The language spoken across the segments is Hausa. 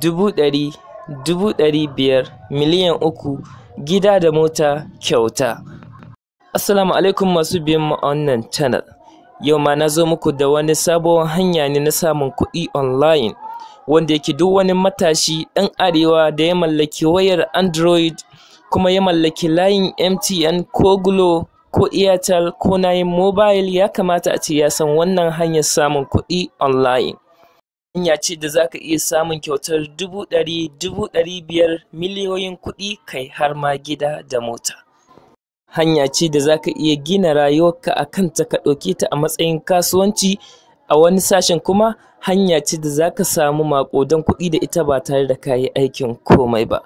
dubu ɗari dubu ɗari biyar miliyan uku gida da mota kyauta assalamu alaikum masu biyan ma'aunin channel yau ma na zo muku da wani sabon hanya ne na samun kuɗi online wanda yake duk wani matashi ɗan arewa da ya mallaki wayar android kuma ya mallaki layin mtn ko glo ko airtel ko nayin mobile ya kamata a ce ya san wannan hanyar samun kuɗi online hanya ce da za ka iya samun kyautar dubu ɗari, dubu ɗari biyar, miliyoyin kuɗi kai har ma gida da mota. Hanya ce da za ka iya gina rayuwarka a kanta ka ɗauke ta a matsayin kasuwanci a wani sashen kuma hanya ce da za ka samu maƙodon kuɗi da ita ba tare da ka yi aikin komai ba.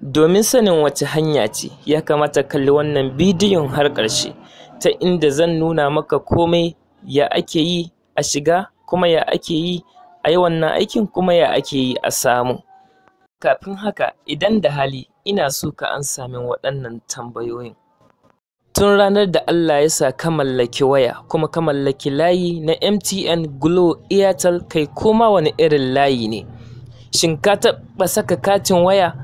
Domin sanin wace hanya ce ya kamata kalli wannan bidiyon har ƙarshe ta inda zan nuna maka komai ya ake yi a shiga kuma ya ake yi a yi wannan aikin kuma ya ake yi a samu kafin haka idan da hali ina so ka an min waɗannan tambayoyin tun ranar da Allah ya sa ka mallaki waya kuma ka mallaki layi na MTN Glo Airtel kai koma wani irin layi ne shin ka taɓa saka katin waya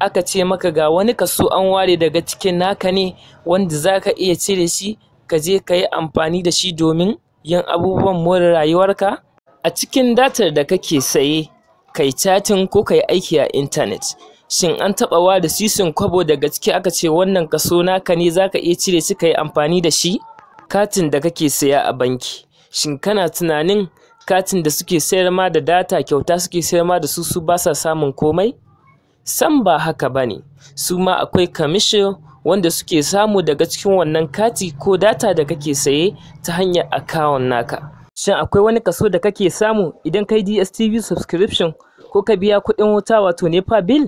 aka ce maka ga wani kaso an ware daga cikin naka ne wanda za ka iya cire shi ka je ka yi amfani da shi domin yin abubuwan more rayuwarka a cikin datar da kake saye kai chatting ko kai aiki a intanet shin an taɓa wa da sisin kwabo daga ciki aka ce wannan kaso naka ne zaka iya cire shi kai amfani da shi katin da kake saya a banki shin kana tunanin katin da suke sayar ma da data kyauta suke sayar ma da su su basa samun komai san ba haka bane su ma akwai kamishin wanda suke samu daga cikin wannan kati ko data da kake saye ta hanyar akawun naka shin akwai wani kaso da kake samu idan kai dstv subscription ko ka biya kuɗin wuta wato nepa bill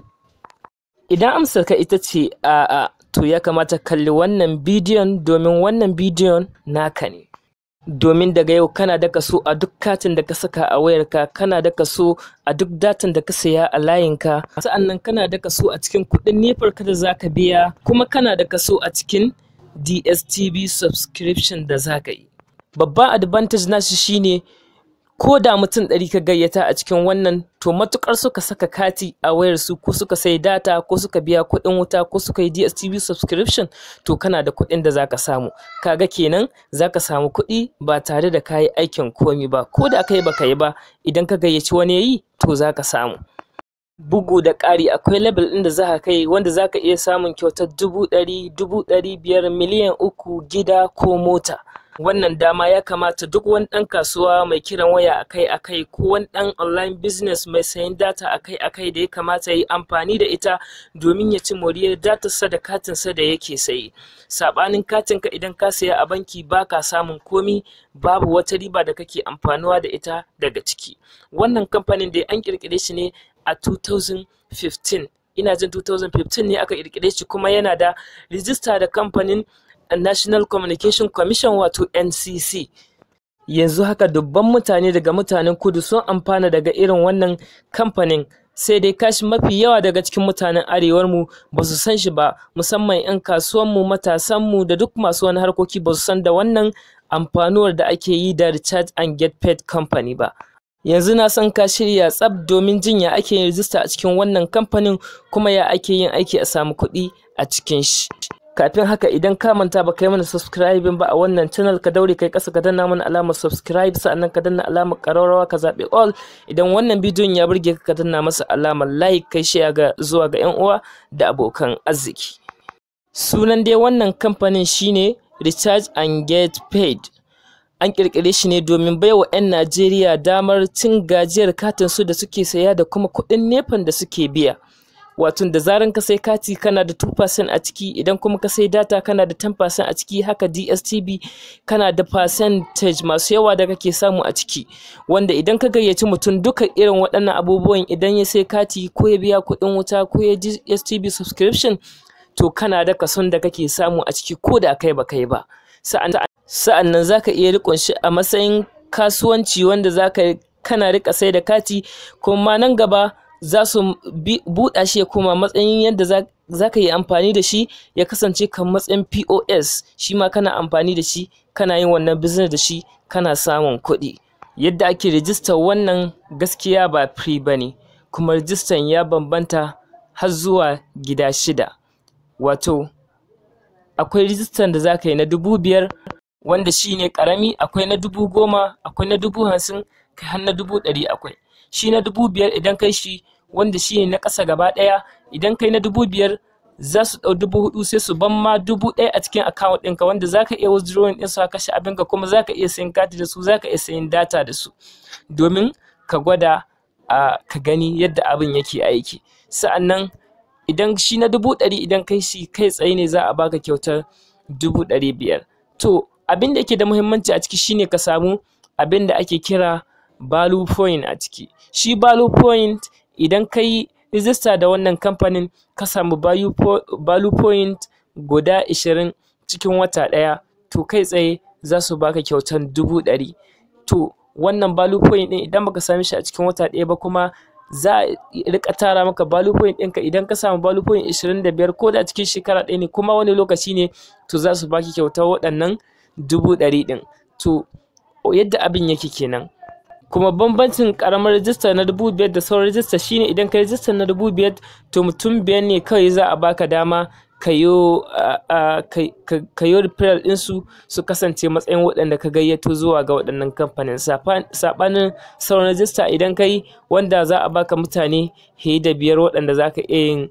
idan amsar ka ita ce a'a to ya kamata kalli wannan bidiyon domin wannan bidiyon naka ne domin daga yau kana da kaso a duk katin da ka saka a wayarka kana da kaso a duk datan da ka saya a layinka sa'annan kana da kaso a cikin kuɗin nefar ka da ka biya kuma kana da kaso a cikin DSTV subscription da zaka yi babban advantage nashi shine ko da mutum ɗari ka gayyata a cikin wannan to matukar suka saka kati a wayar su ko suka sai data ko suka biya kuɗin wuta ko suka yi DSTV subscription to kana da kuɗin da zaka samu ka ga kenan zaka samu kuɗi ba tare da kayi aikin komi ba ko da kai baka yi ba idan ka gayyaci wani yayi to zaka samu bugu da ƙari akwai level ɗin da za kai wanda za ka iya samun kyautar dubu ɗari dubu ɗari biyar miliyan uku gida ko mota wannan dama ya kamata duk wani ɗan kasuwa mai kiran waya akai-akai ko wani ɗan online business mai sayan data akai-akai da ya kamata yi amfani da ita domin ya ci moriyar sa da katinsa da yake sayi saɓanin katinka idan ka saya a banki ba ka samun komi babu wata riba da kake amfanuwa da ita daga ciki wannan kamfanin da an kirkire shi ne a 2015 ina jin 2015 ne aka ƙirƙire shi kuma yana da rijista da kamfanin National Communication Commission wato NCC. Yanzu haka dubban mutane daga mutanen kudu sun amfana daga irin wannan kamfanin sai dai kashi mafi yawa daga cikin mutanen arewarmu ba su san shi ba musamman 'yan matasan mu, da duk masu wani harkoki ba su san da wannan amfanuwar da ake yi da recharge and get paid company ba yanzu na san ka shirya tsab domin jin ya ake yin rijista a cikin wannan kamfanin kuma ya ake yin aiki a samu kuɗi a cikin shi kafin haka idan ka manta ba kai mana subscribe ba a wannan channel ka daure kai kasa ka danna mana alamar subscribe sa'annan ka danna alamar kararrawa ka zaɓi all idan wannan bidiyon ya burge ka ka danna masa alamar like kai share ga zuwa ga yan uwa da abokan arziki sunan dai wannan kamfanin shine recharge and get paid an kirkire shi ne domin bai wa 'yan Najeriya damar cin gajiyar katin su da suke saya da kuma kuɗin nefan da suke biya. wato da zaran ka sai kati kana da 2% a ciki idan kuma ka sai data kana da 10% a ciki haka DSTV kana da percentage masu yawa da kake samu a ciki wanda idan ka gayyaci mutum duka irin waɗannan abubuwan idan ya sai kati ko ya biya kuɗin wuta ko ya DSTV subscription to kana da kason da kake samu a ciki ko da kai ba kai ba sa'annan nan za ka iya riƙon shi a matsayin kasuwanci wanda za ka kana riƙa sai da kati kuma nan gaba za su buɗa shi ya koma matsayin yadda za ka yi amfani da shi ya kasance kan matsayin pos shi ma kana amfani da shi kana yin wannan business da shi kana samun kuɗi yadda ake rijistar wannan gaskiya ba free ba ne kuma rijistar ya bambanta har zuwa gida shida wato akwai rijistar da za ka yi na dubu biyar wanda shi ne ƙarami akwai na dubu goma akwai na dubu hamsin kai har na dubu ɗari akwai shi na dubu biyar idan kai shi wanda shi ne na ƙasa gaba ɗaya idan kai na dubu biyar za su ɗau dubu hudu sai su ban ma dubu ɗaya a cikin account ɗinka wanda za ka iya withdrawing ɗin su a kashe abin ka, kuma za ka iya sayin kati da su za ka iya sayan data da su domin ka gwada ka gani yadda abin yake aiki sa'annan idan shi na dubu ɗari idan kai shi kai tsaye ne za a baka kyautar dubu ɗari biyar to abin da yake da muhimmanci a ciki shine ka samu abin da ake kira value point a ciki shi value point idan ka yi rijista da wannan kamfanin ka samu value point guda ishirin cikin wata ɗaya to kai tsaye za su baka kyautan dubu ɗari to wannan value point ɗin idan baka sami shi a cikin wata ɗaya ba kuma za a rika tara maka value point ɗinka idan ka samu value point 25 ko da cikin shekara ɗaya ne kuma wani lokaci ne to za su baki kyautar waɗannan dubu ɗari ɗin to yadda abin yake kenan kuma bambancin karamar rajista na dubu biyar da sauran rajista shine idan ka rajista na dubu biyar to mutum biyar ne kawai za a baka dama kayo kayo referral ɗinsu su kasance matsayin waɗanda ka gayyato zuwa ga waɗannan kamfanin saɓanin sauran rajista idan ka yi wanda za a baka mutane he da biyar waɗanda za ka iya yin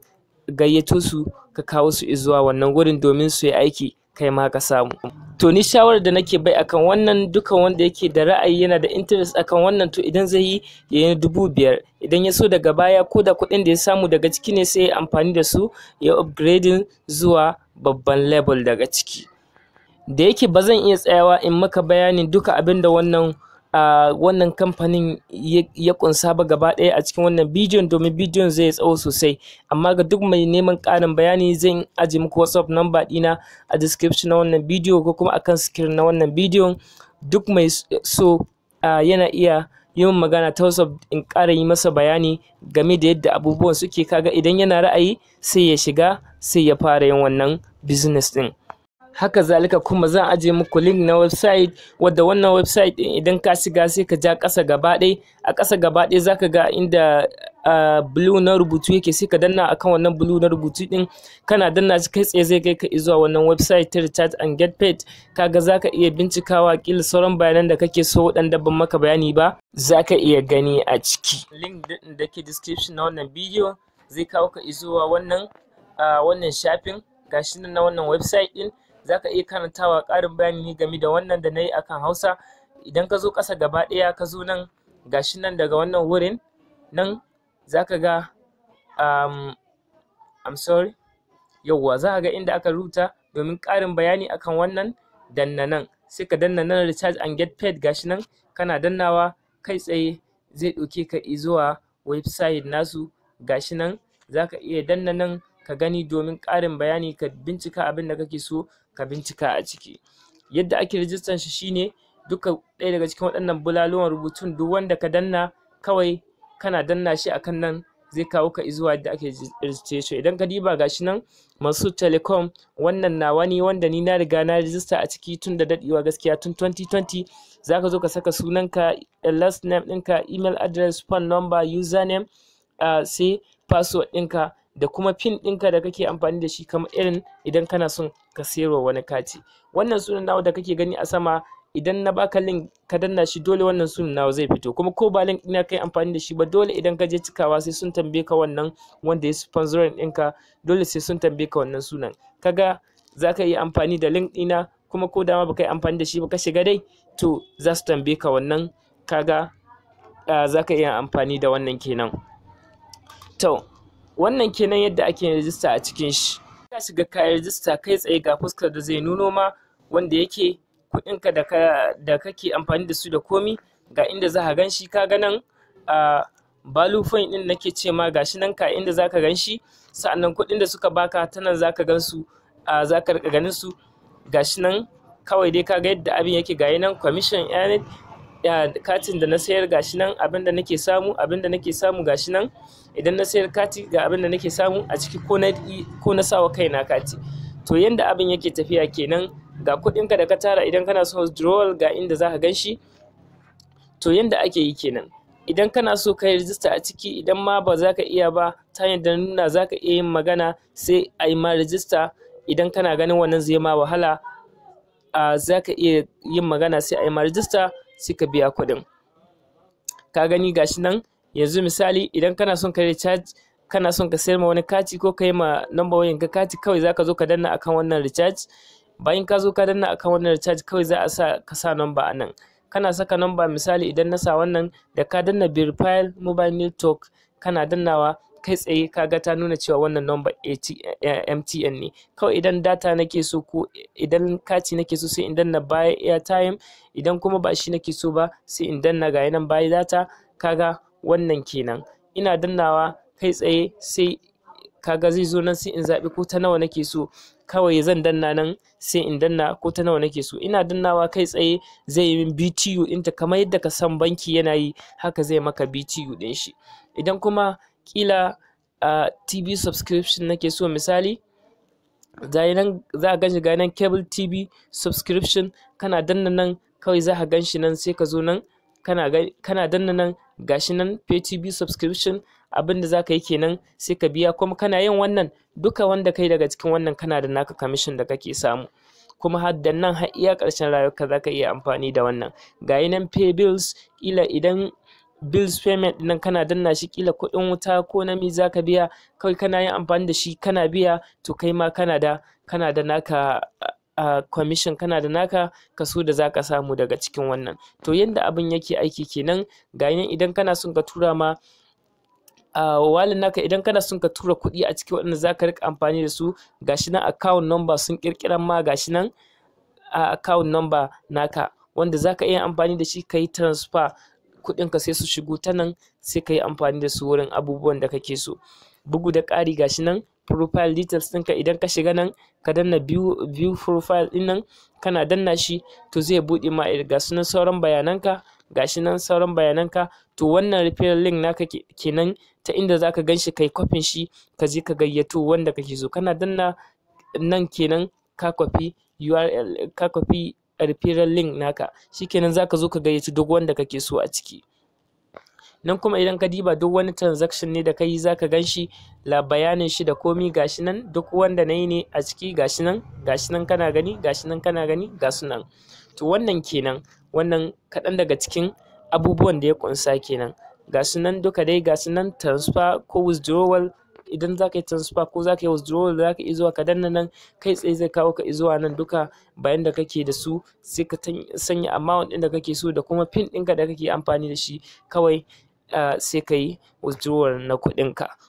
gayyato su ka kawo su zuwa wannan wurin domin su yi aiki kai ma ka samu to ni shawarar da nake bai akan wannan duka wanda yake da ra'ayi yana da interest akan wannan to idan zai yi ya yi dubu biyar idan ya so daga baya ko da kuɗin da ya samu daga ciki ne sai ya amfani da su ya upgrading zuwa babban level daga ciki da yake ba zan iya tsayawa in maka bayanin duka abin da wannan a wannan kamfanin ya kunsa ba gaba ɗaya a cikin wannan bidiyon domin bidiyon zai tsawo sosai amma ga duk mai neman ƙarin bayani zan aje muku whatsapp number ɗina a description na wannan bidiyo ko kuma akan screen na wannan bidiyon duk mai so yana iya yin magana ta whatsapp in ƙara yi masa bayani game da yadda abubuwan suke kaga idan yana ra'ayi sai ya shiga sai ya fara yin wannan business ɗin. haka zalika kuma zan aje muku link na website wadda wannan website din idan ka shiga sai ka ja ƙasa gaba ɗaya a ƙasa gaba ɗaya ka ga inda blue na rubutu yake sai ka danna akan wannan blue na rubutu din kana danna shi kai tsaye zai kai ka zuwa wannan website ta recharge and get paid kaga ka iya bincikawa kila sauran bayanan da kake so waɗanda ban maka bayani ba Za ka iya gani a ciki link din da ke description na wannan video zai kawo ka zuwa wannan wannan shafin gashi na wannan website din za ka iya karantawa ƙarin bayani ne game da wannan da na yi akan hausa idan ka zo ƙasa gaba ɗaya ka zo nan gashi nan daga wannan wurin nan za ka ga um, I'm sorry yauwa za ka ga inda aka rubuta domin ƙarin bayani akan wannan danna nan sai ka danna nan recharge and get paid gashi nan kana dannawa kai tsaye zai ɗauke ka zuwa website nasu gashi nan za ka iya danna nan ka gani domin ƙarin bayani ka bincika abin da kake so ka bincika a ciki yadda ake rijistan shi shine duka ɗaya daga cikin waɗannan bulaluwan rubutun duk wanda ka danna kawai kana danna shi akan nan zai kawo ka zuwa yadda ake registration idan ka diba gashi nan masu telecom wannan nawa ne wanda ni na riga na rijista a ciki tun da dadewa gaskiya tun 2020 zaka zo ka saka sunanka eh, last name ɗinka email address phone number username uh, sai password ɗinka da kuma pin ɗinka da kake amfani da shi kamar irin idan kana son ka sayarwa wani kati wannan sunan nawa da kake gani a sama idan na baka link ka danna shi dole wannan sunan nawa zai fito kuma ko ba link ɗina kai amfani da shi ba dole idan ka je cikawa sai sun tambaye ka wannan wanda ya sponsorin ɗinka dole sai sun tambaye ka wannan sunan kaga za ka iya amfani da link ɗina kuma ko dama baka yi amfani da shi ba ka shiga dai to za su tambaye ka wannan kaga ah, za ka iya amfani da wannan kenan to wannan kenan yadda ake rijista a cikin shi ka shiga kayan rijista kai tsaye ga fuskar da zai nuno ma wanda yake kuɗinka da kake amfani da su da komi ga inda za ka gan shi ka ganan, nan a value point din nake ce ma gashi nan ka inda za ka gan shi sa'annan kuɗin da suka baka ta nan za ka gan su za ka ganin su gashi nan kawai dai ka ga yadda abin yake ga nan commission earned katin da na sayar gashi nan abin da nake samu abin da nake samu gashi nan idan na sayar kati ga abin da nake samu a ciki ko na ko na sawa kaina kati to yanda abin yake tafiya kenan ga ka da ka tara idan kana so withdrawal ga inda za ka gan shi to yanda ake yi kenan idan kana so kai register a ciki idan ma ba za ka iya ba ta yadda nuna za ka iya yin magana sai a yi ma register idan kana ganin wannan zai ma wahala za ka iya yin magana sai a yi ma register suka biya kuɗin ka gani gashi nan yanzu misali idan kana son ka recharge kana son ka sayar ma wani kati ko ka yi ma number wayan ka kati kawai zaka zo ka danna akan wannan recharge bayan ka zo ka danna akan wannan recharge kawai za a sa ka sa number a nan kana saka number misali idan na sa wannan da ka danna verify mobile network kana dannawa kai tsaye kaga ta nuna cewa wannan number eh, eh, MTN ne kawai idan data nake so ko idan kati nake so sai in danna buy airtime idan kuma ba shi nake so ba sai in danna ga nan buy data kaga wannan kenan ina dannawa kai tsaye sai kaga zai zo nan sai in zaɓi ko ta nawa nake so kawai zan danna nan sai in danna ko ta nawa nake so ina dannawa kai tsaye zai yi min BTU ɗinta kamar yadda ka san banki yana yi haka zai maka BTU ɗin shi idan kuma kila a tv subscription nake so misali za a ganshi nan cable tv subscription kana danna nan kawai za a ganshi nan sai ka zo nan kana danna nan gashi nan pay tv subscription abinda za ka yi kenan sai ka biya kuma kana yin wannan duka wanda kai daga cikin wannan kana da naka commission da kake samu kuma har da nan har iya ƙarshen rayuwarka za ka iya amfani da wannan ga nan pay bills ila idan bills payment nan kana danna shi kila kuɗin wuta ko na mi zaka biya kawai kana yin amfani da shi kana biya to kai ma kana da kana da naka a commission kana da naka kaso da zaka samu daga cikin wannan to yanda abin yake aiki kenan ga yin idan kana son ka tura ma a walin naka idan kana son ka tura kuɗi a cikin waɗanda zaka rika amfani da su gashi nan account number sun ƙirƙiran ma gashi nan a account number naka wanda zaka iya amfani da shi ka transfer kuɗinka sai su shigo ta nan sai ka yi amfani da su wurin abubuwan da kake so bugu da ƙari gashi nan profile details ɗinka idan ka shiga nan ka danna view, profile ɗin nan kana danna shi to zai buɗe ma eh, ga sunan sauran bayananka gashi nan sauran bayananka to wannan referral link naka kenan ta inda zaka ganshi kai kwafin shi ka je ka gayyato wanda kake so kana danna nan kenan ka kwafi URL ka kwafi referral link naka shikenan zaka zo ka gayyaci duk wanda kake so a ciki nan kuma idan ka diba duk wani transaction ne da ka yi zaka gan shi la bayanin shi da komi gashi nan duk wanda nayi ne a ciki gashi nan gashi nan kana gani gashi nan kana gani ga sunan. to wannan kenan wannan kaɗan daga cikin abubuwan da ya ƙunsa kenan ga nan duka dai ga nan transfer ko withdrawal idan za ka yi transfer ko za ka yi withdrawal za ka zuwa ka danna nan kai tsaye zai kawo ka zuwa nan duka bayan da kake da su sai ka sanya amount ɗin da kake so da kuma pin ɗinka da kake amfani da shi kawai ah, sai ka yi withdrawal na kuɗinka